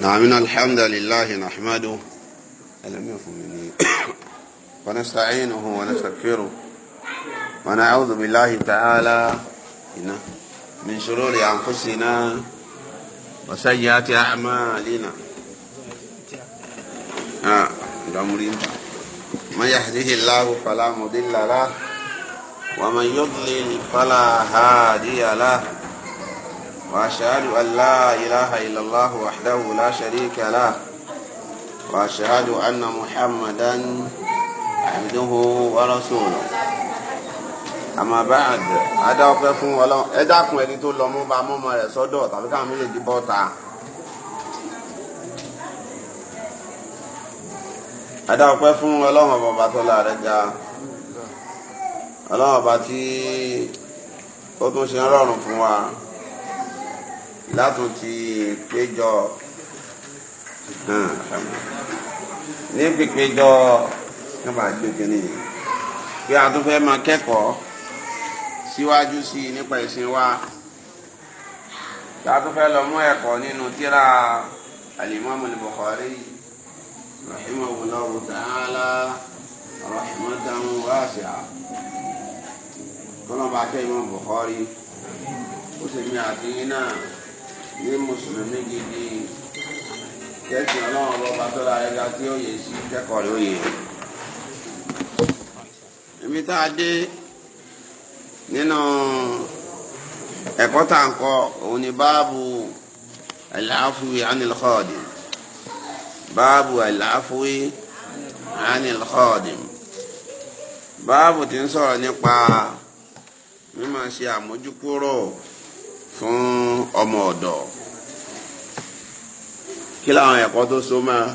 نعم الحمد لله نحمده ألم يكن مني ونستعينه ونستغفره ونعوذ بالله تعالى من شرور أنفسنا وسيئات أعمالنا آه، من يهده الله فلا مضل له ومن يضلل فلا هادي له وأشهد أن لا إله إلا الله وحده لا شريك له وأشهد أن محمدا عبده ورسوله àmọ́ báyìí adá ọpẹ́ fún Ọlọ́run ẹ dákun ẹni tó lọ mú bá mọmọ rẹ sọ́dọ̀ tàbí káwọn méjèèjì bọ ta adá ọpẹ́ fún Ọlọ́run ọba ọba tó já Ọlọ́run ọba tí ó tún ṣe ń rọrùn fún wa látún ti péjọ ní pípéjọ ní bá gbé kínní yìí pé a tún fẹ́ máa kẹ́kọ̀ọ́ síwájú sí i nípa ìsìn wa tá a tún fẹ́ lọ mú ẹ̀kọ́ nínú tírà alimami Bukhari rahimahullahu ta'ala rahimatan wasi'a kọ́nà bá kẹ́ Imam Bukhari ó sì ní àtìyín náà ní mùsùlùmí gidi kẹ́sìn ọlọ́run bọ́ba tó la ẹ̀ka tí ó yẹ sí kẹ́kọ̀ọ́ lóye. ibi tá a dé nínú ẹ̀kọ́ tá à ń kọ́ òun ni báàbù àlàáfíì ánìlkọ́ọ̀dì báàbù àlàáfíì ánìlkọ́ọ̀dì báàbù ti ń sọ̀rọ̀ nípa mímọ̀ ṣe àmójúkúrò fún ọmọ ọ̀dọ̀ kí làwọn ẹ̀kọ́ tó so máa.